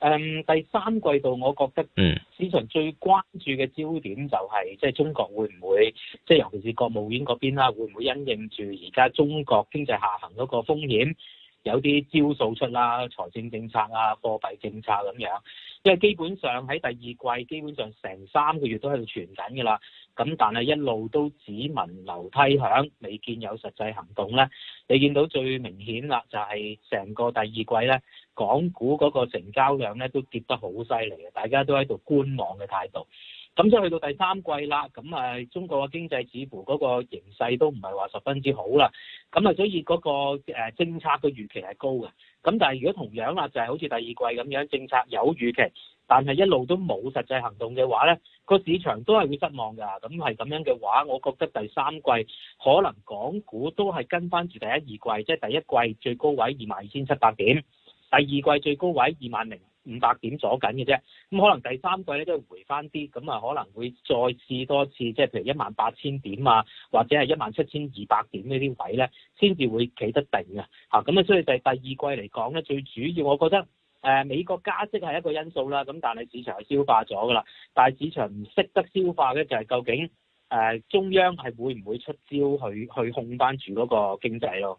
誒、嗯、第三季度，我覺得市場最關注嘅焦點就係、是，即係、嗯、中國會唔會，即係尤其是國務院嗰邊啦，會唔會因應住而家中國經濟下行嗰個風險，有啲招數出啦，財政政策啊，貨幣政策咁樣，因為基本上喺第二季基本上成三個月都喺度傳緊㗎啦，咁但係一路都只聞樓梯響，未見有實際行動呢。你見到最明顯啦，就係成個第二季呢，港股嗰個成交量呢都跌得好犀利嘅，大家都喺度觀望嘅態度。咁即係去到第三季啦，咁啊中國嘅經濟指數嗰個形勢都唔係話十分之好啦，咁啊所以嗰個誒政策嘅預期係高嘅，咁但係如果同樣啦就係、是、好似第二季咁樣，政策有預期，但係一路都冇實際行動嘅話，呢個市場都係會失望㗎。咁係咁樣嘅話，我覺得第三季可能港股都係跟翻住第一第二季，即、就、係、是、第一季最高位二萬二千七百點，第二季最高位二萬零五百點左緊嘅啫，咁可能第三季咧都會回翻啲，咁啊可能會再試多次，即係譬如一萬八千點啊，或者係一萬七千二百點呢啲位咧，先至會企得定嘅吓。咁啊，所以就係第二季嚟講咧，最主要我覺得、呃、美國加息係一個因素啦，咁但係市場係消化咗㗎啦，但係市場唔識得消化咧，就係究竟、呃、中央係會唔會出招去去控翻住嗰個經濟咯？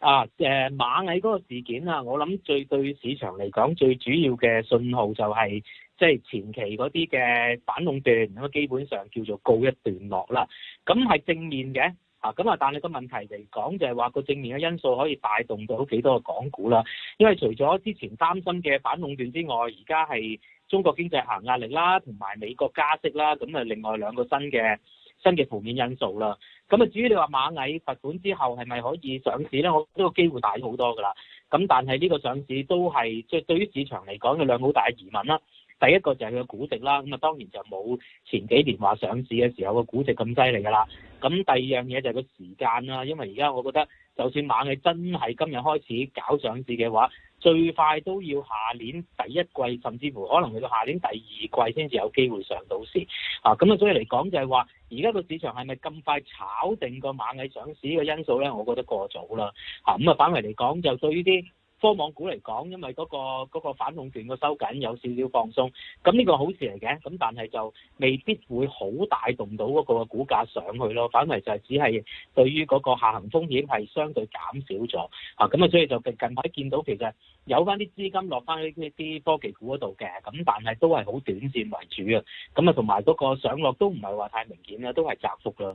啊，誒螞蟻嗰個事件啊，我諗最對市場嚟講最主要嘅信號就係，即係前期嗰啲嘅反壟斷，咁啊基本上叫做告一段落啦。咁係正面嘅，啊咁啊，但係個問題嚟講就係話個正面嘅因素可以帶動到幾多個港股啦。因為除咗之前擔心嘅反壟斷之外，而家係中國經濟下行壓力啦，同埋美國加息啦，咁啊另外兩個新嘅新嘅負面因素啦。咁啊，至於你話螞蟻罰款之後係咪可以上市呢？我呢個機會大咗好多㗎啦。咁但係呢個上市都係即係對於市場嚟講有兩個好大疑問啦。第一個就係佢個估值啦，咁啊當然就冇前幾年話上市嘅時候個估值咁犀利㗎啦。咁第二樣嘢就係個時間啦，因為而家我覺得就算螞蟻真係今日開始搞上市嘅話，最快都要下年第一季，甚至乎可能去到下年第二季先至有機會上到市啊！咁啊，所以嚟講就係話，而家個市場係咪咁快炒定個螞蟻上市嘅因素咧？我覺得過早啦啊！咁啊，反為嚟講就對於啲。科網股嚟講，因為嗰個嗰個反壟斷個收緊有少少放鬆，咁呢個好事嚟嘅，咁但係就未必會好帶動到嗰個股價上去咯，反為就係只係對於嗰個下行風險係相對減少咗，啊，咁啊，所以就近近排見到其實有翻啲資金落翻去呢啲科技股嗰度嘅，咁但係都係好短線為主啊，咁啊，同埋嗰個上落都唔係話太明顯啦，都係窄幅啦。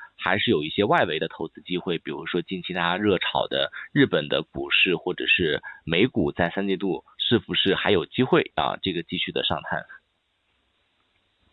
還是有一些外圍的投資機會，比如說近期大家熱炒的日本的股市，或者是美股，在三季度是不是還有機會啊？這個繼續的上探？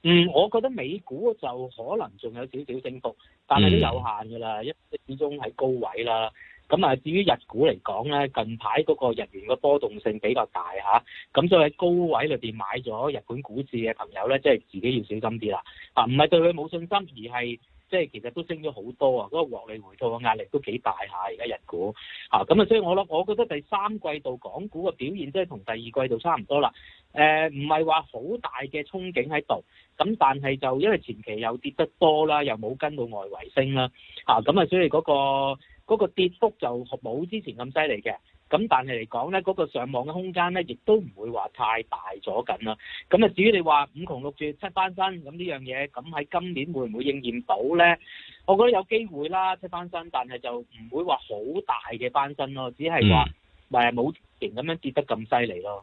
嗯，我覺得美股就可能仲有少少升幅，但係都有限噶啦，因為嗯、始終喺高位啦。咁啊，至於日股嚟講咧，近排嗰個日元嘅波動性比較大吓，咁所以喺高位裏邊買咗日本股市嘅朋友咧，即係自己要小心啲啦。啊，唔係對佢冇信心，而係。即係其實都升咗好多啊！嗰個獲利回吐嘅壓力都幾大下，而家日股嚇咁啊，所以我諗我覺得第三季度港股嘅表現即係同第二季度差唔多啦。誒，唔係話好大嘅憧憬喺度，咁但係就因為前期又跌得多啦，又冇跟到外圍升啦嚇，咁啊，所以嗰個。嗰個跌幅就冇之前咁犀利嘅，咁但係嚟講呢，嗰個上網嘅空間呢，亦都唔會話太大咗緊啦。咁啊，就至於你話五窮六絕七翻身，咁呢樣嘢，咁喺今年會唔會應驗到呢？我覺得有機會啦，七翻身，但係就唔會話好大嘅翻身咯，只係話冇之前咁樣跌得咁犀利咯。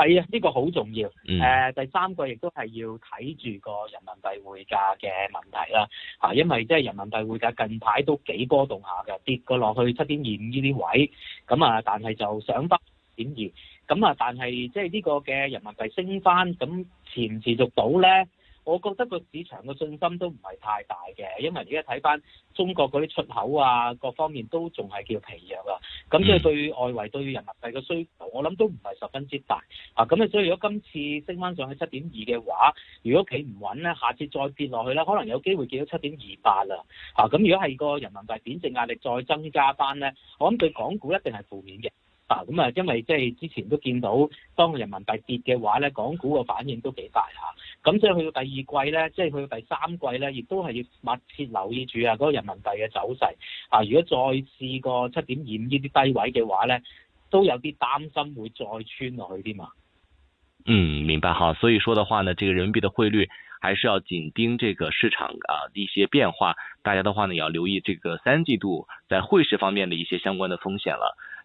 係啊，呢、這個好重要。誒、呃，第三個亦都係要睇住個人民幣匯價嘅問題啦。啊，因為即係人民幣匯價近排都幾波動下嘅，跌過落去七點二五呢啲位。咁、嗯、啊，但係就上返點二。咁、嗯、啊，但係即係呢個嘅人民幣升翻，咁持唔持續到咧？我覺得個市場嘅信心都唔係太大嘅，因為而家睇翻中國嗰啲出口啊，各方面都仲係叫疲弱啊。咁即係對於外圍對於人民幣嘅需求，我諗都唔係十分之大啊。咁咧，所以如果今次升翻上去七點二嘅話，如果企唔穩咧，下次再跌落去咧，可能有機會見到七點二八啦。啊，咁如果係個人民幣貶值壓力再增加翻咧，我諗對港股一定係負面嘅。嗱，咁啊，因為即係之前都見到當人民幣跌嘅話咧，港股嘅反應都幾大嚇。咁所以去到第二季咧，即係去到第三季咧，亦都係要密切留意住啊嗰人民幣嘅走勢。啊，如果再試過七點二呢啲低位嘅話咧，都有啲擔心會再穿落去添嘛。嗯，明白哈。所以說的話呢，這個人民幣的匯率，還是要緊盯這個市場啊一些變化。大家的話呢，要留意這個三季度在匯市方面的一些相關的風險啦。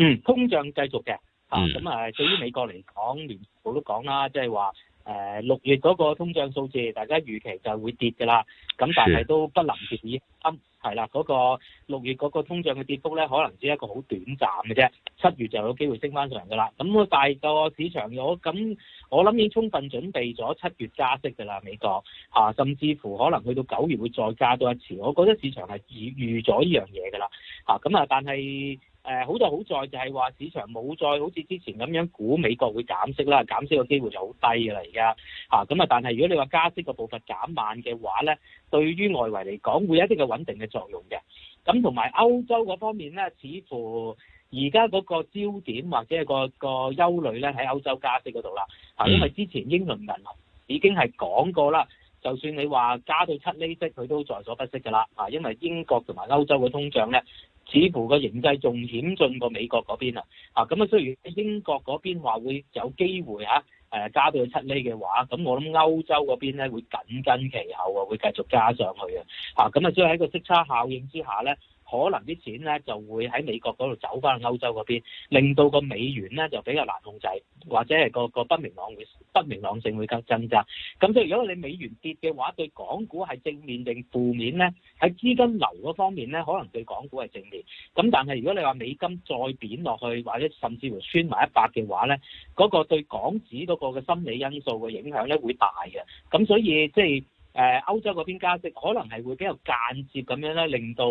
嗯，通脹繼續嘅，嚇、嗯，咁啊，對於美國嚟講，聯儲都講啦，即係話，誒、呃、六月嗰個通脹數字，大家預期就會跌㗎啦，咁的但係都不能決議，啱係啦，嗰、嗰個六月嗰個通脹嘅跌幅咧，可能只係一個好短暫嘅啫，七月就有機會升返上嚟㗎啦，咁啊，大個市場有那我咁，我諗已經充分準備咗七月加息㗎啦，美國嚇、啊，甚至乎可能去到九月會再加多一次，我覺得市場係預預咗呢樣嘢㗎啦，嚇，咁啊，但係。誒好在好在就係話市場冇再好似之前咁樣估美國會減息啦，減息嘅機會就好低㗎啦，而家嚇，咁啊！但係如果你話加息嘅步伐減慢嘅話咧，對於外圍嚟講會有一啲嘅穩定嘅作用嘅。咁同埋歐洲嗰方面咧，似乎而家嗰個焦點或者係個個憂慮咧喺歐洲加息嗰度啦嚇，嗯、因為之前英倫銀行已經係講過啦，就算你話加到七厘息，佢都在所不惜㗎啦嚇，因為英國同埋歐洲嘅通脹咧。似乎個形勢仲險峻過美國嗰邊啊！咁啊，雖然英國嗰邊話會有機會嚇，誒，加到去七厘嘅話，咁我諗歐洲嗰邊咧會緊跟其後啊，會繼續加上去嘅，啊，咁啊，所以喺個息差效應之下咧。可能啲錢咧就會喺美國嗰度走翻去歐洲嗰邊，令到個美元咧就比較難控制，或者係個個不明朗會不明朗性會更增加。咁所以，如果你美元跌嘅話，對港股係正面定負面咧？喺資金流嗰方面咧，可能對港股係正面。咁但係如果你話美金再貶落去，或者甚至乎穿埋一百嘅話咧，嗰、嗰個對港紙嗰個嘅心理因素嘅影響咧會大嘅。咁所以即係。就是誒歐洲嗰邊加息，可能係會比較間接咁樣咧，令到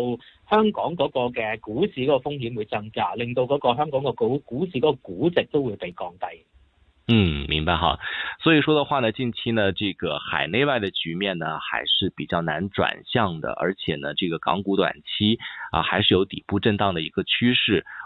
香港嗰個嘅股市嗰個風險會增加，令到嗰個香港個股股市個估值都會被降低。嗯，明白哈。所以說的話呢，近期呢，這個海內外的局面呢，還是比較難轉向的，而且呢，這個港股短期啊，還是有底部震盪的一個趨勢。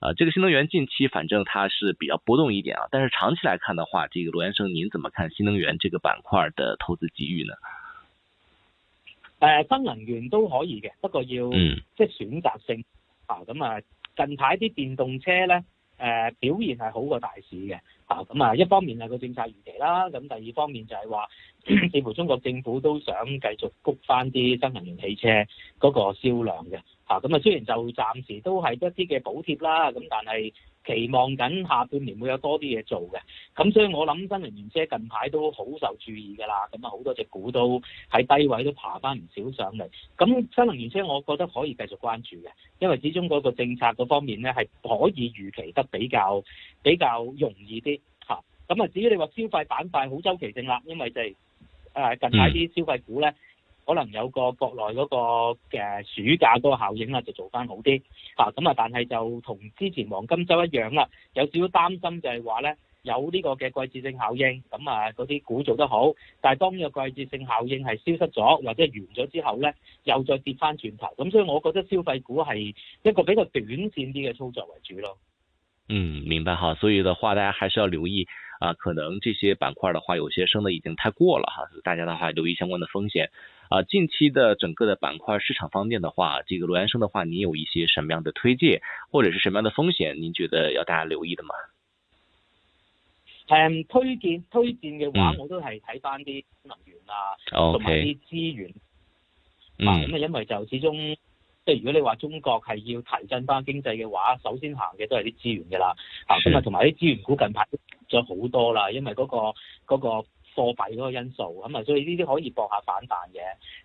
啊，這個新能源近期反正它是比較波動一點啊，但是長期來看的話，這個羅先生您怎麼看新能源這個板塊的投資機遇呢？呃，新能源都可以嘅，不過要，嗯，即選擇性啊，咁、嗯、啊，近排啲電動車呢。誒、呃、表現係好過大市嘅，啊咁啊、嗯、一方面係個政策預期啦，咁、嗯、第二方面就係話似乎中國政府都想繼續谷翻啲新能源汽車嗰個銷量嘅，啊咁啊、嗯、雖然就暫時都係一啲嘅補貼啦，咁、嗯、但係。期望緊下半年會有多啲嘢做嘅，咁所以我諗新能源車近排都好受注意㗎啦，咁啊好多隻股都喺低位都爬翻唔少上嚟，咁新能源車我覺得可以繼續關注嘅，因為始終嗰個政策嗰方面咧係可以預期得比較比較容易啲嚇，咁啊至於你話消費板塊好周期性啦，因為就係、是、誒、啊、近排啲消費股咧。可能有個國內嗰個嘅暑假嗰個效應啦，就做翻好啲嚇。咁啊，但係就同之前黃金周一樣啦，有少少擔心就係話咧，有呢個嘅季節性效應，咁啊嗰啲股做得好，但係當呢個季節性效應係消失咗或者完咗之後咧，又再跌翻轉頭。咁啊，所以我覺得消費股係一個比較短線啲嘅操作為主咯。嗯，明白哈。所以的話，大家還是要留意啊。可能這些板塊的話，有些升得已經太過了哈。大家的話留意相關的風險。啊，近期的整個的板塊市場方面的話，這個羅源生的話，你有一些什麼樣的推介，或者是什麼樣的風險，您覺得要大家留意的嗎？嗯、推薦推薦嘅話，我都係睇翻啲能源啊，同埋啲資源。啊、嗯，咁啊，因為就始終即係如果你話中國係要提振翻經濟嘅話，首先行嘅都係啲資源嘅啦。是啊，咁啊，同埋啲資源股近排漲咗好多啦，因為嗰個嗰個。那個貨幣嗰個因素，咁啊，所以呢啲可以搏下反彈嘅。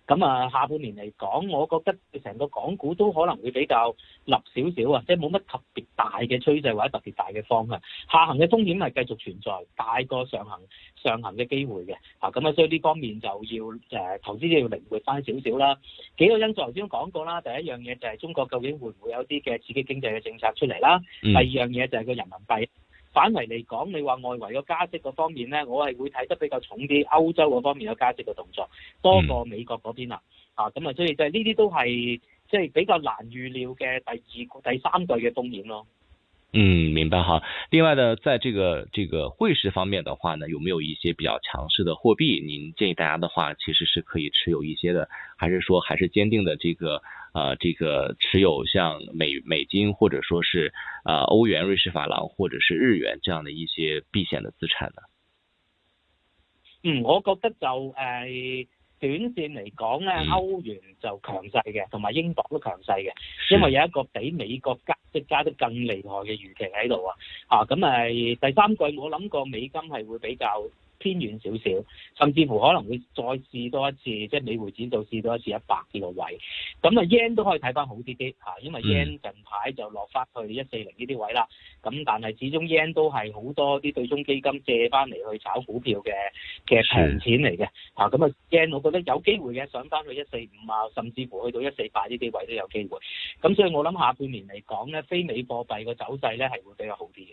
咁啊，下半年嚟講，我覺得成個港股都可能會比較立少少啊，即係冇乜特別大嘅趨勢或者特別大嘅方向。下行嘅風險係繼續存在，大過上行上行嘅機會嘅。啊，咁啊，所以呢方面就要誒投資者要靈活翻少少啦。幾個因素頭先講過啦，第一樣嘢就係中國究竟會唔會有啲嘅刺激經濟嘅政策出嚟啦。嗯、第二樣嘢就係個人民幣。反而嚟講，你話外圍個加息個方面咧，我係會睇得比較重啲歐洲嗰方面嘅加息嘅動作，多過美國嗰邊啦。嗯、啊，咁啊，所以就係呢啲都係即係比較難預料嘅第二、第三季嘅風險咯。嗯，明白哈。另外呢，在這個這個匯市方面的話呢，有沒有一些比較強勢的貨幣？您建議大家的話，其實是可以持有一些的，還是說還是堅定的這個呃這個持有像美美金或者說是啊、呃、歐元、瑞士法郎或者是日元這樣的一些避險的資產呢？嗯，我覺得就是、呃短線嚟講呢，歐元就強勢嘅，同埋、嗯、英鎊都強勢嘅，是因為有一個比美國加即加得更厲害嘅預期喺度啊！啊，咁咪第三季我諗個美金係會比較偏遠少少，甚至乎可能會再試多一次，即係美匯展就試多一次一百呢個位。咁啊 yen 都可以睇翻好啲啲嚇，因為 yen 近排就落翻去一四零呢啲位啦。咁、嗯、但係始終 yen 都係好多啲對沖基金借翻嚟去炒股票嘅嘅錢嚟嘅。嚇、嗯，咁啊 yen 我覺得有機會嘅，上翻去一四五啊，甚至乎去到一四八呢啲位都有機會。咁所以我諗下半年嚟講咧，非美貨幣個走勢咧係會比較好啲嘅。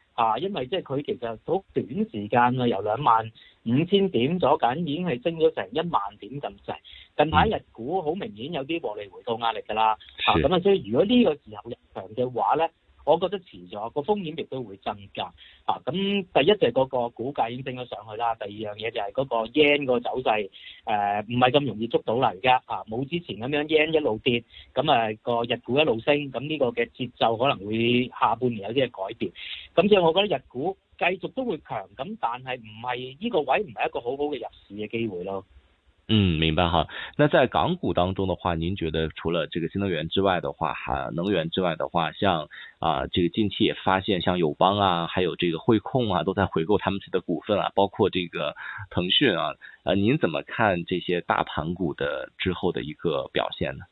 啊，因為即係佢其實好短時間啊，由兩萬五千點咗緊，已經係升咗成一萬點咁滯。近排日股好明顯有啲獲利回吐壓力㗎啦。啊，咁啊，所以如果呢個時候入場嘅話咧。我覺得遲咗，個風險亦都會增加啊，咁第一就係嗰個股價已經升咗上去啦，第二樣嘢就係嗰個 yen 個走勢，誒唔係咁容易捉到啦，而家啊，冇之前咁樣 yen 一路跌，咁啊個日股一路升，咁呢個嘅節奏可能會下半年有啲嘅改變。咁所以我覺得日股繼續都會強，咁但係唔係呢個位唔係一個好好嘅入市嘅機會咯。嗯，明白哈。那在港股當中的話，您覺得除了這個新能源之外的話，哈，能源之外的話，像啊、呃，這個近期也發現像友邦啊，還有這個匯控啊，都在回購他們自己的股份啊，包括這個騰訊啊，啊、呃，您怎麼看這些大盤股的之後的一個表現呢？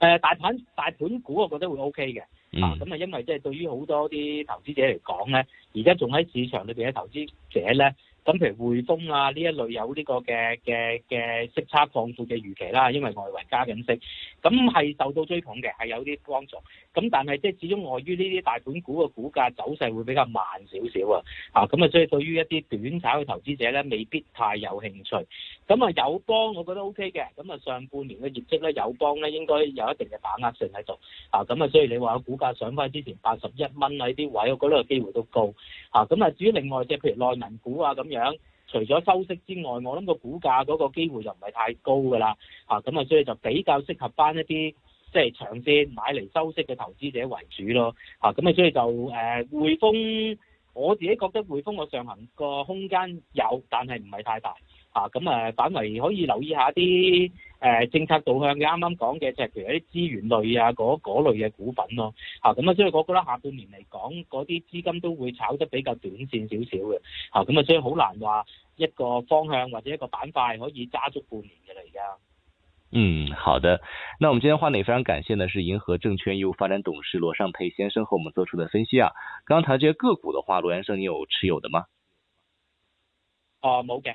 呃，大盤大盤股我覺得會 OK 嘅、嗯、啊，咁啊，因為即係對於好多啲投資者嚟講呢，而家仲喺市場裏邊嘅投資者呢。咁譬如匯豐啊，呢一類有呢個嘅嘅嘅息差放闊嘅預期啦，因為外圍加緊息，咁係受到追捧嘅，係有啲幫助。咁但係即係始終礙於呢啲大盤股嘅股價走勢會比較慢少少啊，啊咁啊，所以對於一啲短炒嘅投資者咧，未必太有興趣。咁啊友邦，我覺得 O K 嘅，咁啊上半年嘅業績咧，友邦咧應該有一定嘅把握性喺度。啊咁啊，所以你話股價上返之前八十一蚊啊，呢啲位，我覺得個機會都高。啊咁啊，至於另外即譬如內文股啊咁樣。除咗收息之外，我諗個股價嗰個機會就唔係太高噶啦，啊咁啊，所以就比較適合翻一啲即係長線買嚟收息嘅投資者為主咯，啊咁啊，所以就誒匯豐，我自己覺得匯豐個上行個空間有，但係唔係太大，啊咁啊反為可以留意一下啲。誒、呃，政策導向嘅，啱啱講嘅就係譬如一啲資源類啊，嗰類嘅股份咯、啊，嚇咁啊，所以我覺得下半年嚟講，嗰啲資金都會炒得比較短線少少嘅，咁、嗯、啊，所以好難話一個方向或者一個板塊可以揸足半年嘅啦，而家。嗯，好的。那我們今天話呢非常感謝呢是銀河證券業務發展董事羅尚沛先生和我們做出嘅分析啊。剛才這些個股的話，羅先生你有持有的嗎？哦、呃，冇嘅。